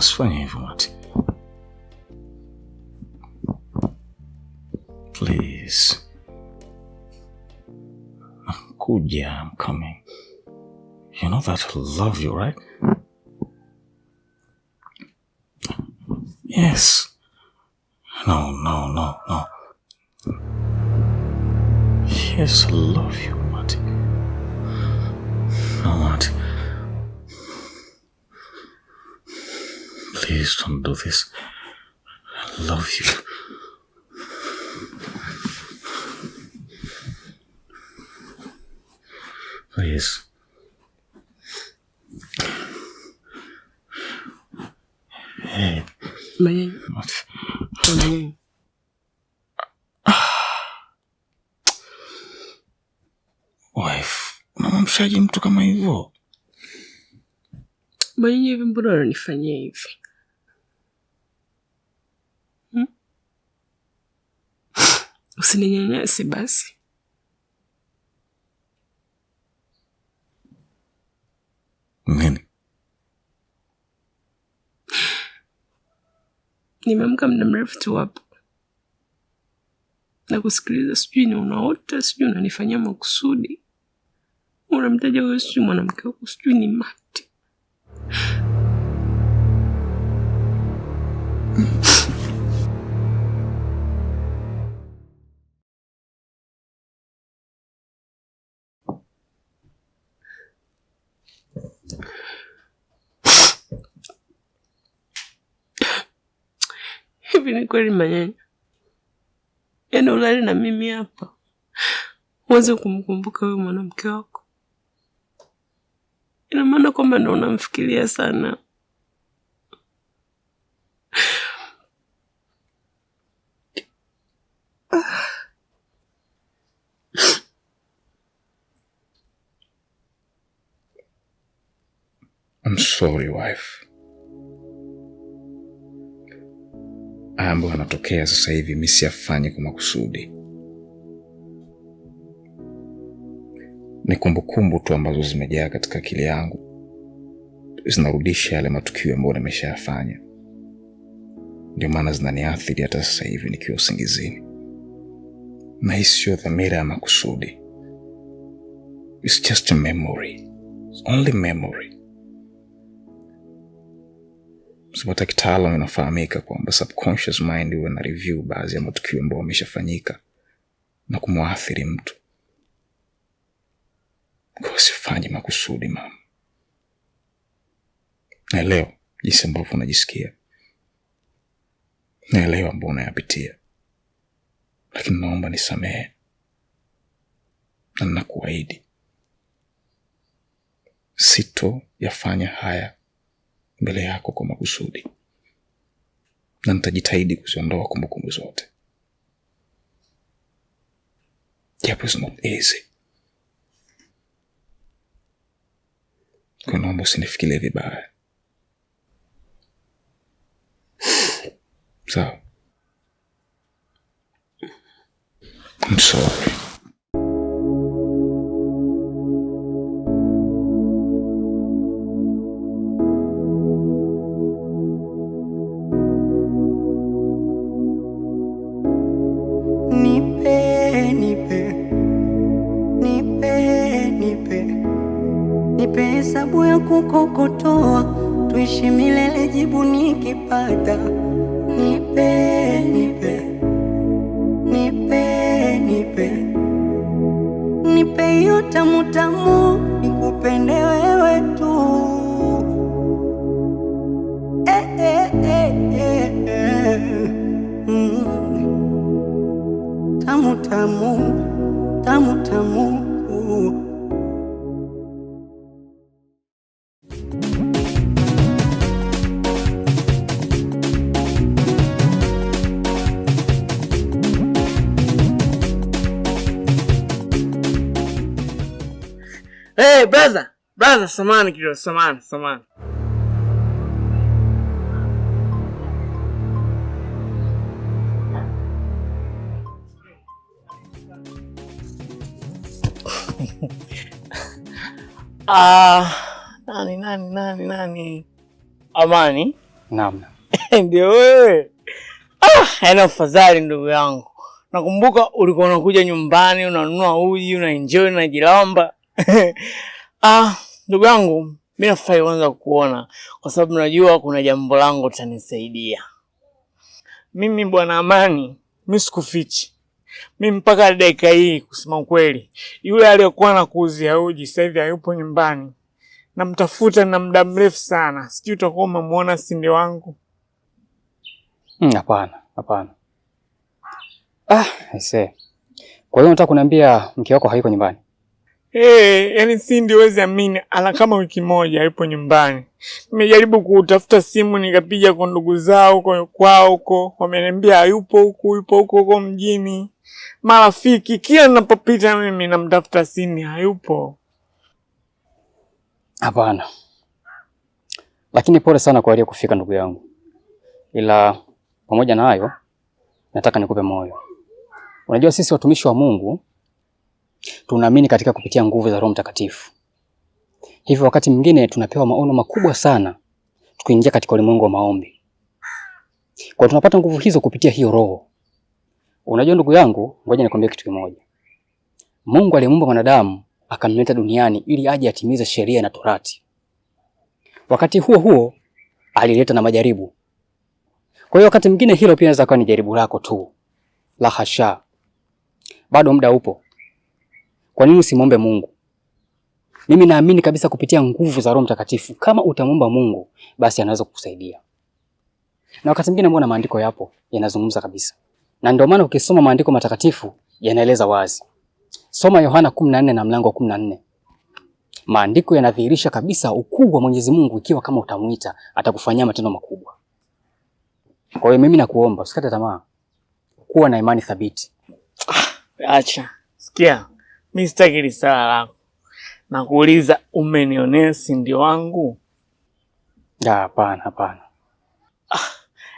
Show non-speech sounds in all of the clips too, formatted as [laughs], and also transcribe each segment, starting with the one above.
Wasifanya hivyo Mati. Please. I'm yeah. I'm coming. You know that I love you, right? Yes. No, no, no, no. Yes, I love you, Mati. No, Mati. please don't do this. I love you. Please. Hey. May I? Wife, namamshaje mtu kama hivyo? Mwenyewe mbona unanifanyia hivi? Usininyanyase basi. Nini? Nimeamka muda mrefu tu hapo na kusikiliza, sijui ni unaota, sijui unanifanyia makusudi, unamtaja huyo, sijui mwanamke wako, sijui ni Mati. Hivi ni kweli Manyanya? Yaani ulali na mimi hapa uanze kumkumbuka huyo mwanamke wako? Ina maana kwamba ndo unamfikiria sana. I'm sorry, wife. haya ambayo yanatokea sasa hivi mi siyafanyi kwa makusudi, ni kumbukumbu tu ambazo zimejaa katika akili yangu, zinarudisha yale matukio ambayo nimeshayafanya. Ndio maana zinaniathiri hata sasa hivi nikiwa usingizini, na hii siyo dhamira ya makusudi. It's just a memory. It's only memory sipata kitaalam inafahamika kwamba subconscious mind huwa na review baadhi ya matukio ambayo ameshafanyika na kumwathiri mtu. Kwa usifanye makusudi, mama. Naelewa jinsi ambavyo unajisikia, naelewa ambao unayapitia, lakini naomba nisamehe na nakuahidi sito yafanya haya mbele yako kwa makusudi, na nitajitahidi kuziondoa kumbukumbu zote, japo it's not easy. Kwa usinifikirie vibaya, sawa? so. sababu ya kukokotoa, tuishi milele. Jibu nikipata nipe, nipe, nipe, nipe, nipe hiyo tamu tamu, nikupende wewe tu eh, eh, eh, eh, eh. Mm. Tamu tamu tamu tamu Hey, brother, brother, samani kidogo, samani, samani. [laughs] Ah, nani nani nani nani? Amani? Naam. [laughs] Ndio wewe. Ah, ana yaani fadhali ndugu yangu. Nakumbuka ulikuwa unakuja nyumbani unanunua uji, unaenjoy, unajilamba. [laughs] Ah, ndugu yangu, mi nafurahi kwanza kukuona kwa sababu najua kuna jambo langu tanisaidia Mimi bwana Amani, mi sikufichi mi mpaka dakika hii, kusema ukweli, yule aliyekuwa na nakuuzia uji sasa hivi hayupo nyumbani, namtafuta na muda mrefu sana. Sijui utakuwa umemwona sindi wangu. Hmm, hapana, hapana. Ah, aisee, kwa hiyo unataka kuniambia mke wako hayuko nyumbani? Hey, eh, yani si ndiwezi amini, ana kama wiki moja yupo nyumbani. Nimejaribu kutafuta simu nikapiga kwa ndugu zao kwa kwao huko, wameniambia hayupo huku, yupo huko huko mjini. Marafiki kila ninapopita mimi namtafuta simu hayupo. Hapana, lakini pole sana kwa aliyekufika ndugu yangu, ila pamoja na hayo nataka nikupe moyo. Unajua sisi watumishi wa Mungu Tunaamini katika kupitia nguvu za Roho Mtakatifu. Hivyo wakati mwingine tunapewa maono makubwa sana tukiingia katika ulimwengu wa maombi. Kwa tunapata nguvu hizo kupitia hiyo roho. Unajua ndugu yangu, ngoja nikwambie kitu kimoja. Mungu aliyemuumba mwanadamu akamleta duniani ili aje atimize sheria na torati. Wakati huo huo alileta na majaribu. Kwa hiyo wakati mwingine hilo pia inaweza kuwa ni jaribu lako tu. La hasha. Bado muda upo. Kwa nini usimwombe Mungu? Mimi naamini kabisa kupitia nguvu za Roho Mtakatifu, kama utamwomba Mungu basi anaweza kukusaidia. Na wakati mwingine mbona maandiko yapo yanazungumza kabisa, na ndio maana ukisoma maandiko matakatifu yanaeleza wazi. Soma Yohana 14 na mlango wa 14. Maandiko yanadhihirisha kabisa ukuu wa Mwenyezi Mungu, ikiwa kama utamwita atakufanyia matendo makubwa. Kwa hiyo mimi nakuomba usikate tamaa, kuwa na imani thabiti. Ah, acha sikia mi sitaki lisala lako. Nakuuliza, umenionea si ndio wangu? Hapana, hapana. Ah,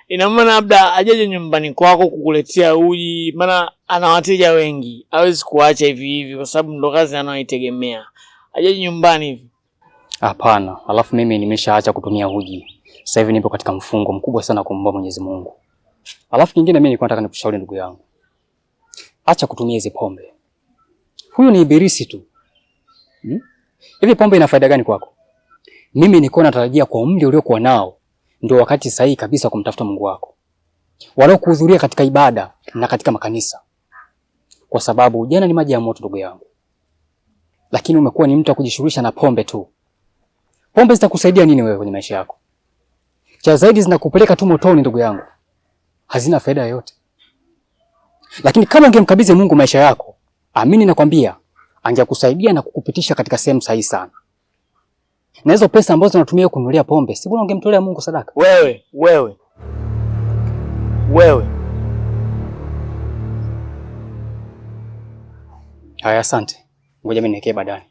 ina maana labda ajaje nyumbani kwako kukuletea uji, maana ana wateja wengi, hawezi kuacha hivi hivi kwa sababu ndo kazi anaoitegemea. Ajaje nyumbani hivi? Hapana. Alafu mimi nimeshaacha kutumia uji, sasa hivi nipo katika mfungo mkubwa sana kumomba Mwenyezi Mungu. Alafu kingine mimi nilikuwa nataka nikushauri ndugu yangu, acha kutumia hizi pombe Huyu ni ibilisi tu. Hmm? Hivi pombe ina faida gani kwako? Mimi niko natarajia kwa umri uliokuwa nao ndio wakati sahihi kabisa kumtafuta Mungu wako. Walau kuhudhuria katika ibada na katika makanisa. Kwa sababu ujana ni maji ya moto ndugu yangu. Lakini umekuwa ni mtu wa kujishughulisha na pombe tu. Pombe zitakusaidia nini wewe kwenye maisha yako? Cha zaidi zinakupeleka tu motoni ndugu yangu. Hazina faida yoyote. Lakini kama ungemkabidhi Mungu maisha yako Amini nakwambia, angekusaidia na kukupitisha katika sehemu sahihi sana. Na hizo pesa ambazo unatumia kununulia pombe, si bora ungemtolea Mungu sadaka? Wewe, wewe, wewe. Haya, asante. Ngoja mimi niwekee badani.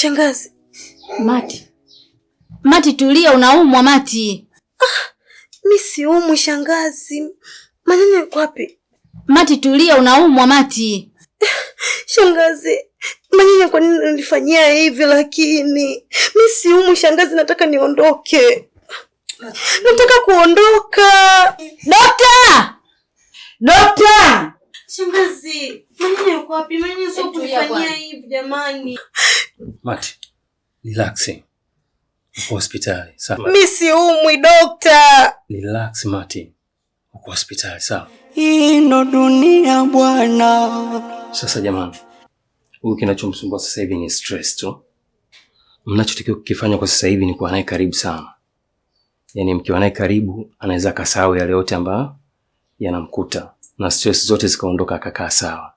shangazi? Mati, Mati tulia, unaumwa Mati. Ah, mi siumwi shangazi. Maneno yako wapi? Mati tulia, unaumwa Mati. [laughs] Shangazi, maneno kwa nini unanifanyia hivi? Lakini mi siumwi shangazi, nataka niondoke, nataka kuondoka. Dokta, dokta! Shangazi, maneno yako wapi? Maneno sio kufanyia hivi jamani. Mati, relaxing. Uko hospitali sawa? Mimi siumwi dokta. Relax Mati, uko hospitali sawa? Hii ndo dunia bwana. Sasa jamani, huyu kinachomsumbua sasa hivi ni stress tu. Mnachotakiwa kukifanya kwa sasa hivi ni kuwa naye karibu sana, yaani mkiwa naye karibu anaweza akasahau yale yote ambayo yanamkuta na stress zote zikaondoka, akakaa sawa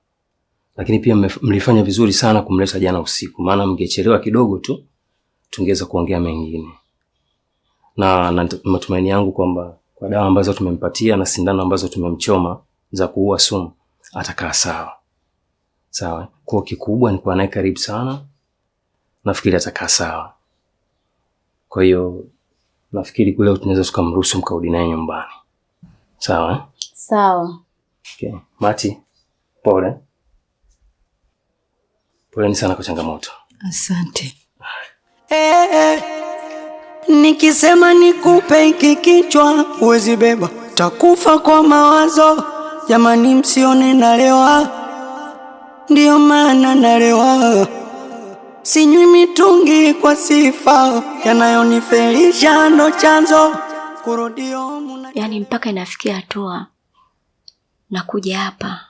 lakini pia mlifanya vizuri sana kumleta jana usiku, maana mngechelewa kidogo tu tungeweza kuongea mengine, na, na matumaini yangu kwamba kwa dawa ambazo tumempatia na sindano ambazo tumemchoma za kuua sumu atakaa sawa sawa. Kwa kikubwa ni kuwa naye karibu sana, nafikiri atakaa sawa. Kwa hiyo nafikiri kuleo tunaweza tukamruhusu mkaudi naye nyumbani. Sawa eh? sawa. Okay. Mati, pole. Poleni sana kwa changamoto. Asante. Eh, eh Nikisema nikupe hiki kichwa uwezi beba, takufa kwa mawazo. Jamani, msione nalewa, ndiyo maana nalewa. Sinywi mitungi kwa sifa, yanayonifelisha ndo chanzo kurudio muna... Yaani mpaka inafikia hatua nakuja hapa,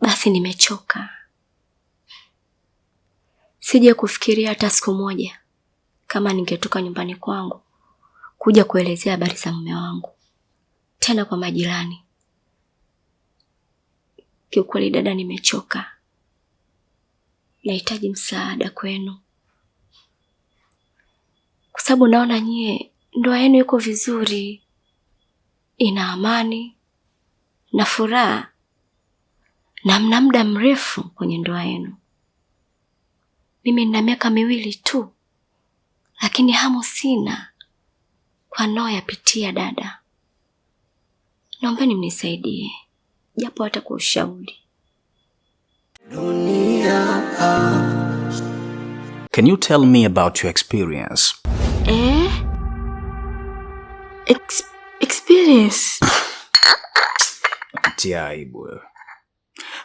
basi nimechoka. Sija kufikiria hata siku moja kama ningetoka nyumbani kwangu kuja kuelezea habari za mume wangu tena kwa majirani. Kiukweli dada, nimechoka, nahitaji msaada kwenu, kwa sababu naona nyie ndoa yenu iko vizuri, ina amani na furaha na mna muda mrefu kwenye ndoa yenu mimi nina miaka miwili tu, lakini hamu sina kwa naoyapitia. Dada, naombeni mnisaidie japo hata kwa ushauri. Can you tell me about your experience? Eh? Ex experience? Tia aibu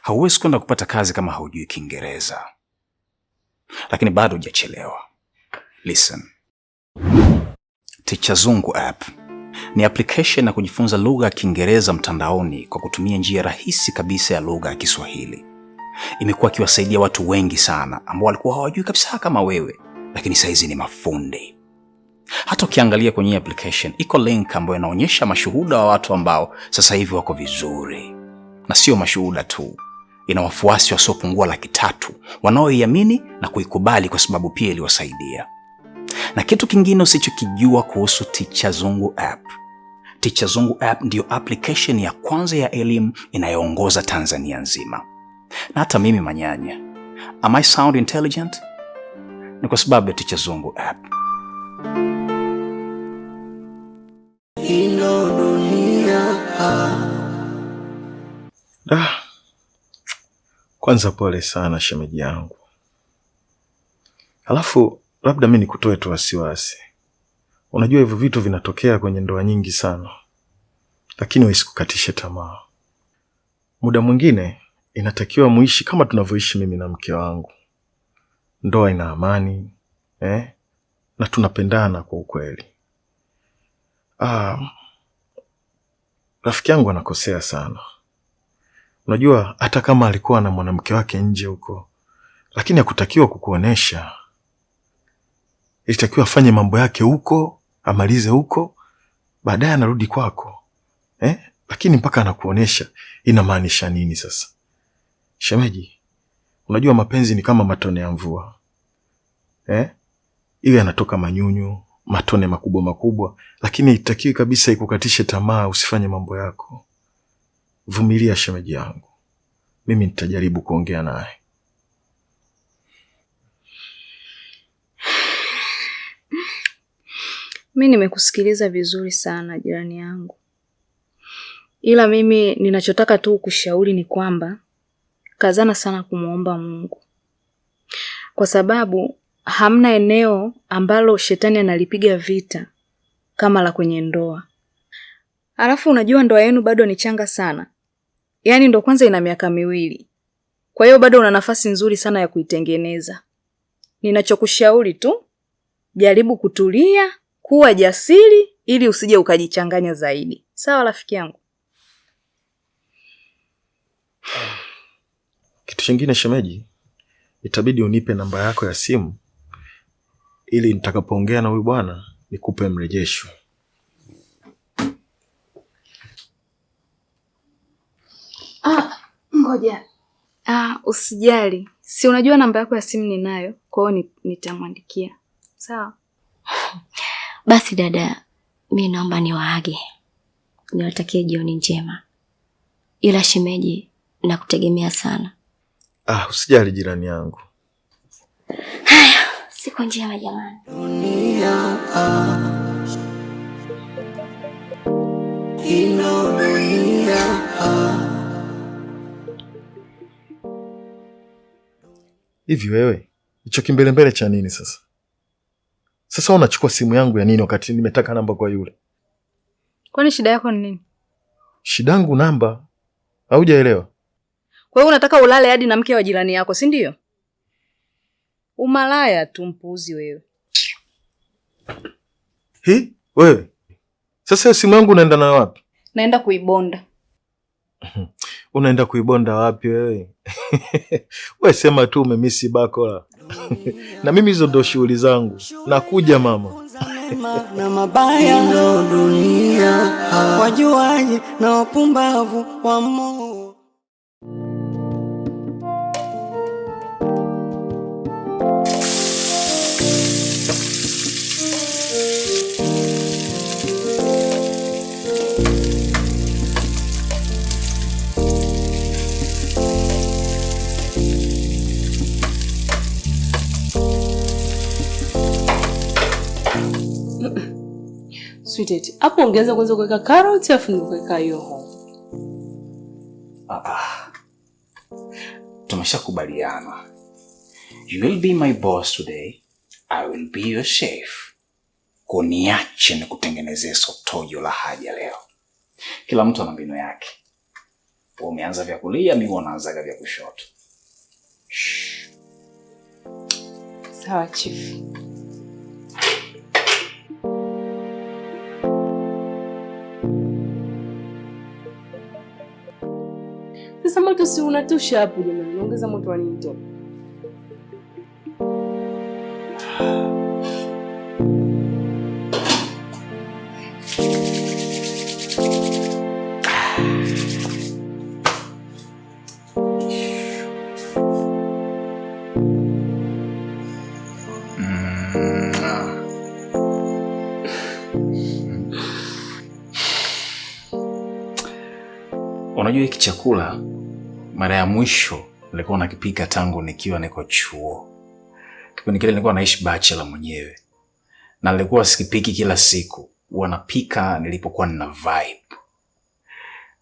Hauwezi kwenda kupata kazi kama haujui Kiingereza lakini bado hujachelewa. Listen. Ticha Zungu app ni application ya kujifunza lugha ya Kiingereza mtandaoni kwa kutumia njia rahisi kabisa ya lugha ya Kiswahili. Imekuwa ikiwasaidia watu wengi sana ambao walikuwa hawajui kabisa kama wewe, lakini saizi ni mafundi. Hata ukiangalia kwenye application iko link ambayo inaonyesha mashuhuda wa watu ambao sasa hivi wako vizuri, na sio mashuhuda tu ina wafuasi wasiopungua laki tatu wanaoiamini na kuikubali kwa sababu pia iliwasaidia. Na kitu kingine usichokijua kuhusu ticha zungu app. ticha zungu app ndiyo application ya kwanza ya elimu inayoongoza Tanzania nzima. Na hata mimi manyanya, am I sound intelligent? Ni kwa sababu ya ticha zungu app. dunia, ah. Kwanza pole sana shemeji yangu, alafu labda mi nikutoe tu wasiwasi. Unajua hivyo vitu vinatokea kwenye ndoa nyingi sana, lakini wasikukatishe tamaa. Muda mwingine inatakiwa muishi kama tunavyoishi mimi na mke wangu. Ndoa ina amani eh? na tunapendana kwa ukweli. Ah, rafiki yangu anakosea sana Unajua, hata kama alikuwa na mwanamke wake nje huko, lakini hakutakiwa kukuonesha. Ilitakiwa afanye mambo yake huko, amalize huko, baadaye anarudi kwako eh? Lakini mpaka anakuonesha, inamaanisha nini sasa? Shemeji, unajua mapenzi ni kama matone ya mvua eh? Iwe yanatoka manyunyu, matone makubwa makubwa, lakini itakiwi kabisa ikukatishe tamaa, usifanye mambo yako vumilia shemeji yangu, mimi nitajaribu kuongea naye. Mi nimekusikiliza vizuri sana jirani yangu, ila mimi ninachotaka tu kushauri ni kwamba kazana sana kumwomba Mungu, kwa sababu hamna eneo ambalo shetani analipiga vita kama la kwenye ndoa. Alafu unajua ndoa yenu bado ni changa sana, yaani ndo kwanza ina miaka miwili, kwa hiyo bado una nafasi nzuri sana ya kuitengeneza. Ninachokushauri tu jaribu kutulia, kuwa jasiri, ili usije ukajichanganya zaidi. Sawa rafiki yangu? Kitu kingine shemeji, itabidi unipe namba yako ya simu ili nitakapoongea na huyu bwana nikupe mrejesho. Ah, ngoja. Ah, usijali. Si unajua namba yako ya simu ninayo, kwa hiyo nitamwandikia. Sawa. [sighs] Basi dada, mi naomba niwaage, niwatakie jioni njema, ila shemeji, nakutegemea sana. Ah, usijali jirani yangu. Haya, siku njema jamani. Dunia, ah, inodunia ah. Hivi wewe hicho kimbelembele cha nini sasa? Sasa unachukua simu yangu ya nini wakati nimetaka namba kwa yule? Kwani shida yako ni nini? Shida yangu namba, haujaelewa? Kwa hiyo unataka ulale hadi na mke wa jirani yako, si ndio? Umalaya tu, mpuuzi wewe. Hi, wewe sasa, simu yangu unaenda nayo wapi? Naenda kuibonda mhm. Unaenda kuibonda wapi wewe? [laughs] We sema tu umemisi bakola. [laughs] Na mimi hizo ndo shughuli zangu. Nakuja mama. Na mabaya dunia, wajuaji na wapumbavu wa moyo. date. Hapo ungeanza kwanza kuweka carrot afu ndio kuweka yoho. Ah. ah. Tumeshakubaliana. You will be my boss today. I will be your chef. Koniache ni nikutengenezee sotojo la haja leo. Kila mtu ana mbinu yake. Wewe umeanza vya kulia, mimi naanzaga vya kushoto. Sawa chief. Sasa moto si unatosha hapo jamani, naongeza moto wa nini tena? Unajua hiki chakula mara ya mwisho nilikuwa nakipika tangu nikiwa niko chuo. Kipindi kile nilikuwa naishi bachelor mwenyewe, na nilikuwa sikipiki kila siku, wanapika nilipokuwa nina vibe.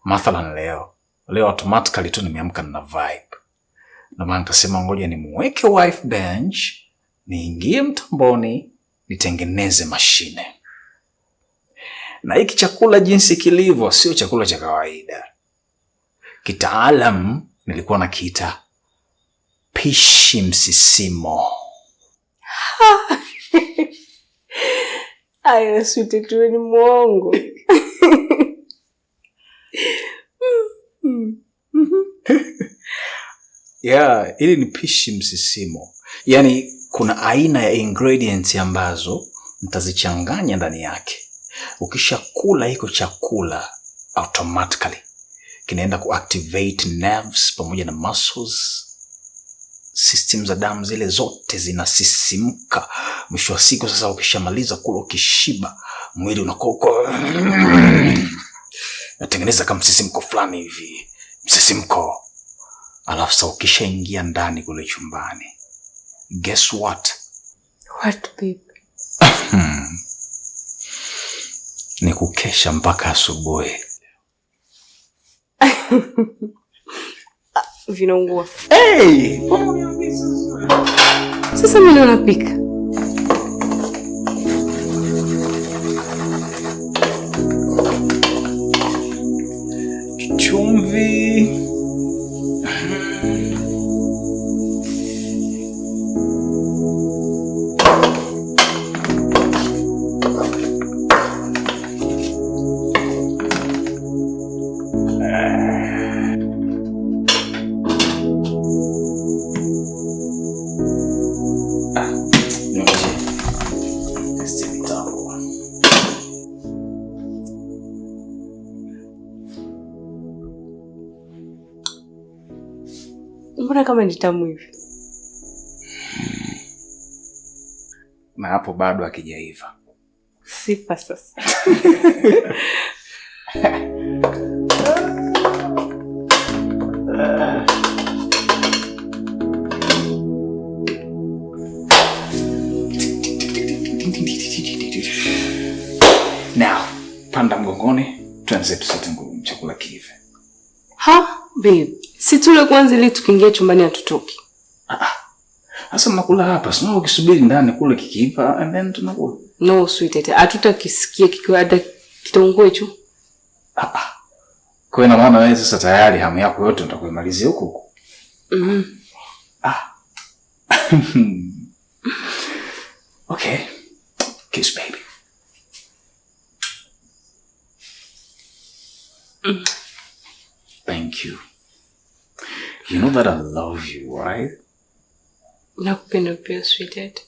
Mathalan leo leo automatically tu nimeamka nina vibe, ndio maana nikasema ngoja nimweke wife bench, niingie mtamboni, nitengeneze mashine. Na hiki chakula jinsi kilivyo, sio chakula cha kawaida kitaalam nilikuwa nakiita pishi msisimo. [laughs] Ayo swite tuwe ni mwongo. [laughs] Yeah, ili ni pishi msisimo, yaani kuna aina ya ingredients ambazo mtazichanganya ndani yake. Ukishakula hiko chakula automatically kinaenda kuactivate nerves pamoja na muscles system za damu zile zote zinasisimka. Mwisho wa siku sasa, ukishamaliza kula, ukishiba, mwili unakuwa uko [clears throat] natengeneza kama msisimko fulani hivi, msisimko. Alafu sasa ukishaingia ndani kule chumbani, guess what? What babe? [clears throat] ni kukesha mpaka asubuhi. Ah, vinaungua. Hey! Sasa mimi napika ni tamu hivi hmm. na hapo bado akijaiva Sifa sasa. [laughs] Now, panda mgongoni tuanze tusate chakula kiive. Ha, babe. Si tule kwanza ili tukiingia chumbani hatutoki. Ah. ah. Sasa mnakula hapa, sio ukisubiri ndani kule kikiiva and then tunakula. No sweet tete, hatutakisikia kikiwa hata kitongoe tu. Ah, ah Kwa hiyo na maana wewe sasa tayari hamu yako yote utakuimalizia huko huko. Mhm. Mm Ah. [laughs] Okay. Kiss baby. Mm. Thank you. You know that I love you, right? Nakupenda pia sweetheart.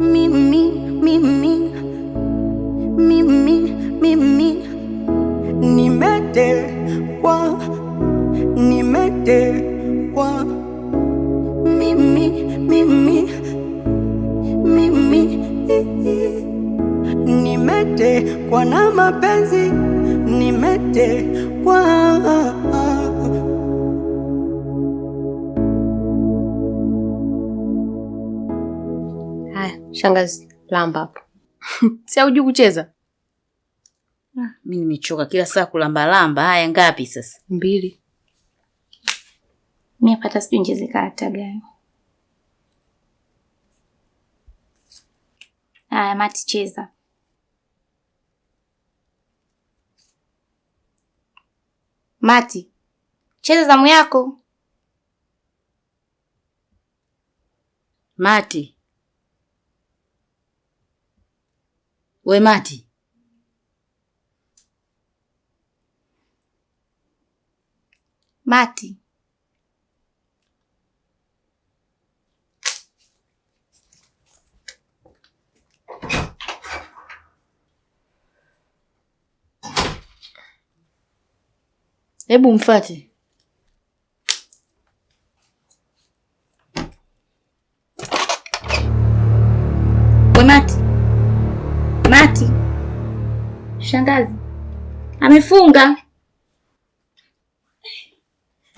Mimi mimi mimi mimi nimetekwa nimetekwa mimi mimi mimi nimetekwa na mapenzi nimetekwa Shangazi, lamba hapo. [laughs] Si hujui kucheza? Ah, mi nimechoka kila saa kulamba lamba. Haya, ngapi sasa? Mbili. Mi hapata sijui nicheze karata gani. Haya, Mati cheza. Mati, cheza zamu yako. Mati. We Mati, Mati, hebu mfate. We Mati. Bahati shangazi amefunga.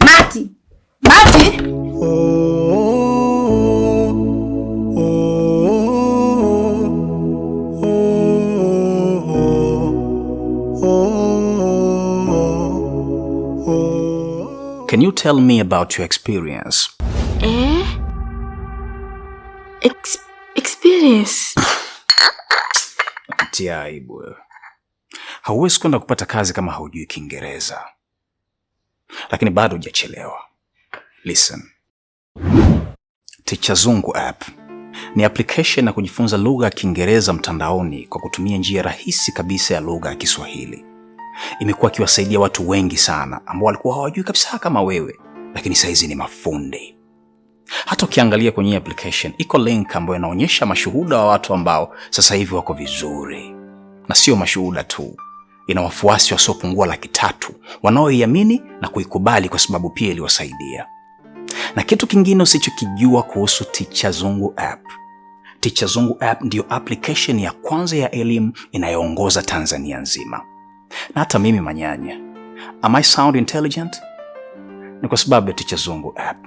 Mati, Mati, Can you tell me about your experience? Eh? Ex experience kutia aibu wewe. Hauwezi kwenda kupata kazi kama haujui Kiingereza, lakini bado hujachelewa. Listen, Ticha Zungu app ni application ya kujifunza lugha ya Kiingereza mtandaoni kwa kutumia njia rahisi kabisa ya lugha ya Kiswahili. Imekuwa ikiwasaidia watu wengi sana ambao walikuwa hawajui kabisa kama wewe, lakini saizi ni mafundi. Hata ukiangalia kwenye application iko link ambayo inaonyesha mashuhuda wa watu ambao sasa hivi wako vizuri, na sio mashuhuda tu, ina wafuasi wasiopungua laki tatu wanaoiamini na kuikubali kwa sababu pia iliwasaidia. Na kitu kingine usichokijua kuhusu Ticha Zungu app, Ticha Zungu app ndiyo application ya kwanza ya elimu inayoongoza Tanzania nzima. Na hata mimi manyanya, am I sound intelligent? Ni kwa sababu ya Ticha Zungu app.